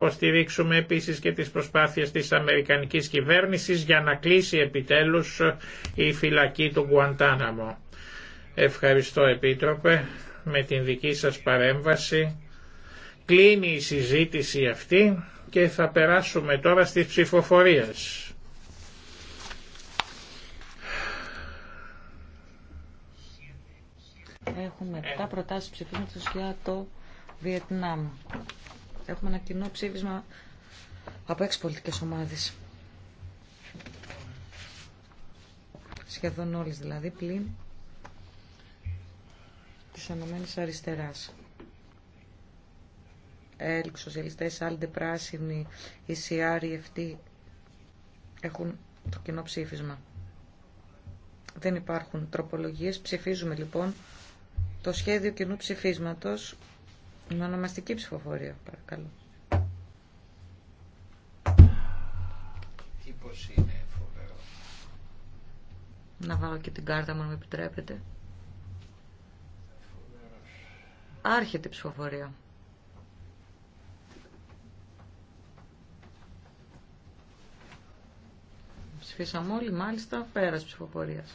υποστηρίξουμε επίσης και τις προσπάθειες της Αμερικανικής κυβέρνησης για να κλείσει επιτέλους ε, η φυλακή του Γκουαντάναμο. Ευχαριστώ Επίτροπε με την δική σας παρέμβαση. Κλείνει η συζήτηση αυτή και θα περάσουμε τώρα στις ψηφοφορίες. Έχουμε 7 προτάσεις ψηφίσματος για το Βιετνάμ. Έχουμε ένα κοινό ψήφισμα από έξι πολιτικές ομάδες. Σχεδόν όλες δηλαδή, πλην της Ανωμένη Αριστεράς. ΕΛΚ, Σοσιαλιστές, άλλοι Πράσινοι, η ΕΦΤ, έχουν το κοινό ψήφισμα. Δεν υπάρχουν τροπολογίες. Ψηφίζουμε λοιπόν το σχέδιο κοινού ψηφίσματος με ονομαστική ψηφοφορία, παρακαλώ. Τύπος είναι φοβερό. Να βάλω και την κάρτα μου, αν με επιτρέπετε. Άρχεται η ψηφοφορία. Ψηφίσαμε όλοι, μάλιστα, πέρας ψηφοφορίας.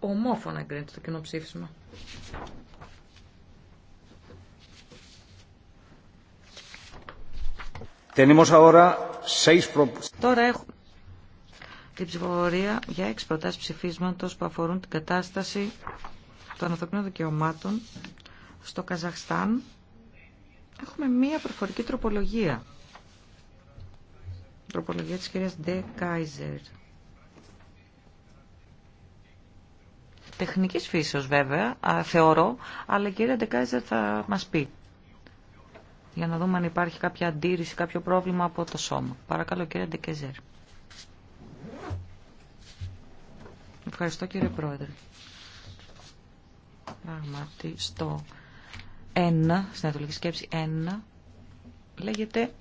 ομόφωνα εγκρίνεται το κοινό ψήφισμα. Τώρα έχουμε την ψηφοφορία για έξι προτάσεις ψηφίσματος που αφορούν την κατάσταση των ανθρωπίνων δικαιωμάτων στο Καζαχστάν. Έχουμε μία προφορική τροπολογία. Τροπολογία της κυρίας Ντε Κάιζερ. τεχνικής φύσεως βέβαια, θεωρώ, αλλά η κυρία Ντεκάιζερ θα μας πει. Για να δούμε αν υπάρχει κάποια αντίρρηση, κάποιο πρόβλημα από το σώμα. Παρακαλώ κύριε Ντεκέζερ. Ευχαριστώ κύριε Πρόεδρε. Πράγματι στο 1, στην Ανατολική Σκέψη 1, λέγεται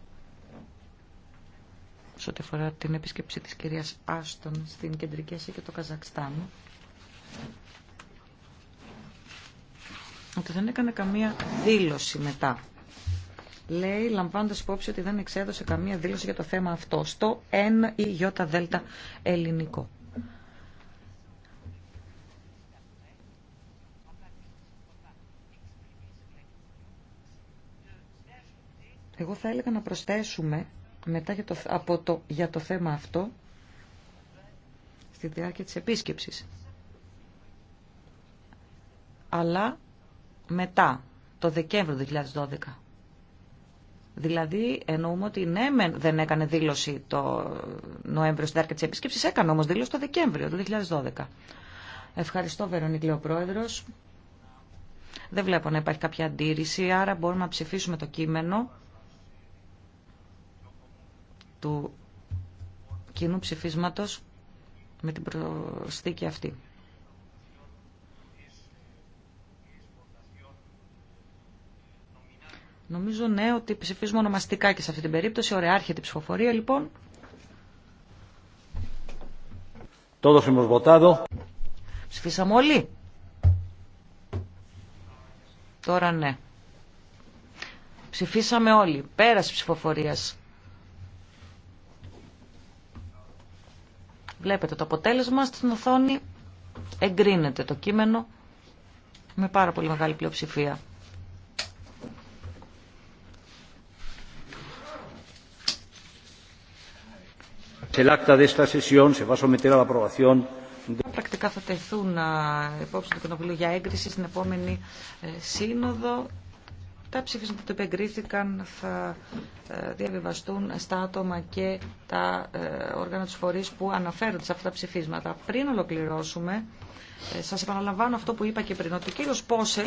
σε ό,τι αφορά την επίσκεψη της κυρίας Άστον στην Κεντρική Ασία και το Καζακστάν ότι δεν έκανε καμία δήλωση μετά. Λέει, λαμβάνοντα υπόψη ότι δεν εξέδωσε καμία δήλωση για το θέμα αυτό, στο N ή Ι Δέλτα ελληνικό. Εγώ θα έλεγα να προσθέσουμε μετά για το, από το, για το θέμα αυτό στη διάρκεια της επίσκεψης αλλά μετά, το Δεκέμβριο 2012. Δηλαδή εννοούμε ότι ναι, δεν έκανε δήλωση το Νοέμβριο στη διάρκεια τη επίσκεψη, έκανε όμω δήλωση το Δεκέμβριο του 2012. Ευχαριστώ, Βερονίκη Πρόεδρο. Δεν βλέπω να υπάρχει κάποια αντίρρηση, άρα μπορούμε να ψηφίσουμε το κείμενο του κοινού ψηφίσματος με την προσθήκη αυτή. Νομίζω ναι ότι ψηφίζουμε ονομαστικά και σε αυτή την περίπτωση. Ωραία, άρχεται η ψηφοφορία λοιπόν. Ψηφίσαμε όλοι. Τώρα ναι. Ψηφίσαμε όλοι. Πέρασε ψηφοφορίας. Βλέπετε το αποτέλεσμα στην οθόνη. Εγκρίνεται το κείμενο με πάρα πολύ μεγάλη πλειοψηφία. Τα πρακτικά θα τεθούν υπόψη του Κοινοβουλίου για έγκριση στην επόμενη ε, σύνοδο. Τα ψήφισματα που επεγκρίθηκαν θα ε, διαβιβαστούν στα άτομα και τα ε, όργανα τη φορή που αναφέρονται σε αυτά τα ψηφίσματα. Πριν ολοκληρώσουμε, σα επαναλαμβάνω αυτό που είπα και πριν, ότι ο κύριο Πόσε